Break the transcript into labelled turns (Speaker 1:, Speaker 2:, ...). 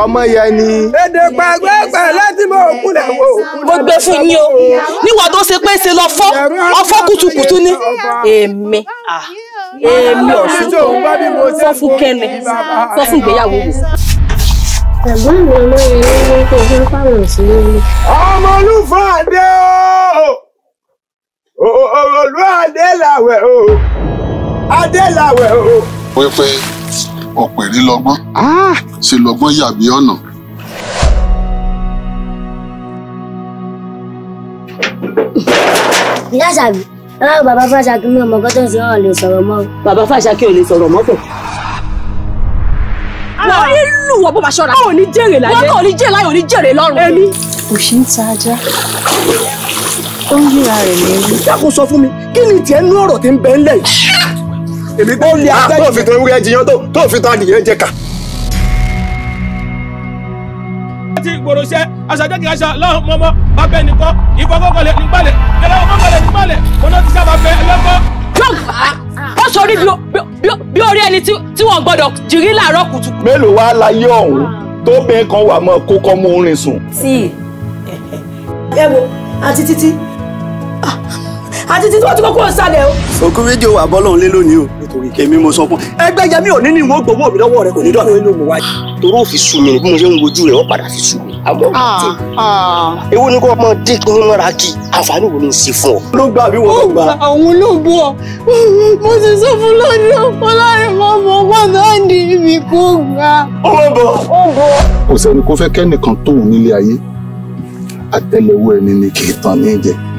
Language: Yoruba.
Speaker 1: ọmọ yẹn ni. èdè pàgbẹ́ pẹ̀lẹ́ tí mo kúnlẹ̀ wò. mo gbé fún yín o níwọ̀n tó ṣe pé ṣe lọ fọ́ ọfọ́ kùtùkùtù ni. èmi èmi ọ̀sùn tó sọ fún kẹ́ni sọ fún ìgbéyàwó wò. Ẹ̀gbọ́n mi ọmọ yẹn ló ní kó fún pààrọ̀ sí ilé. Ọmọ Olúfàdé o! Olú Adélàwẹ̀ o! Adélàwẹ̀ o! Wípé ọ̀pẹ̀rí lọ́gbọ́n ah! ṣe lọ́gbọ́n yàbí ọ̀nà. ìyá sàbí báwo bàbá fàṣàkì mi ọmọ gọ́tọ̀ sí ọ̀hún lè sọ̀rọ̀ mọ́. bàbá fàṣàkì ò lè sọ̀rọ̀ mọ́ kò. àwọn yìí lù wọ́n bó ma ṣọ́ra. wọn ò ní jèrè láyé wọn kò ní jèrè láyé ò ní jèrè lọ́rùn. èmi kò ṣe ń ta ajá ó ń yíra rẹ̀ lẹ́yìn. dákun sọ fún mi kí ni tiẹ̀ nú ọ̀rọ̀ tí ń bẹ ńlẹ̀ yìí èmi gbọ́ lé atẹ́jú. Ah, tó fi tó ewúrẹ́ jiyàn tó tó fi tó adìyẹ jẹ ká. láti ìgboro ṣẹ́ aṣáájú kìí aṣọ lọ́hùn mọ́mọ́ bàbá ẹnì kan ìfọkọ́kọ̀lẹ̀ nígbàlẹ̀ ìjọba kọ́kọ̀lẹ̀ nígbàlẹ̀ ọ̀nà ti sábà bẹ ẹlọ́kọ́. ó sọrí bí orí ẹni tí wọ́n gbọ́dọ̀ jírí làárọ̀ kùtùkù. mélòó wá láyé ọ̀hún tó bẹ́ẹ̀ kan wà mọ́ kó kọ́ mú orin sùn. tíì ẹ wo àti títí ah, àti títí wọ́n ti kọ́kọ́ sálẹ̀ o. òkú rédíò wà bọ́lọ̀ ń lé lónìí o torí kèmí mo sọ fún ẹgbẹ́ yẹmí ò ní ní ìwọ̀n gbowó mi lọ́wọ́ rẹ kò ní dọ̀rọ̀ inú mi wá. torí òfin sùn mi bí mo ṣe ń wojú rẹ wọ́n padà fi sùn mi. àmọ́ ètò ah, ah. ewu ni kò ọmọ dín kí wọ́n mọ́ra kí àǹfààní wo ni ń ṣe fún ọ. ló gbà bí wọ́n gbà. òun ló bú ọ mo sì sọ fún lọ́dún ọlọ́rin mọ́ mọ́ wọ́n náà ní ibi kó gbà. ó bọ̀ ó bọ̀. kò sẹ́ni kó fẹ́ kẹ́nìkan tóun nílé ayé àtẹ́lẹwọ́ ẹni ni kì í tàn ní jẹ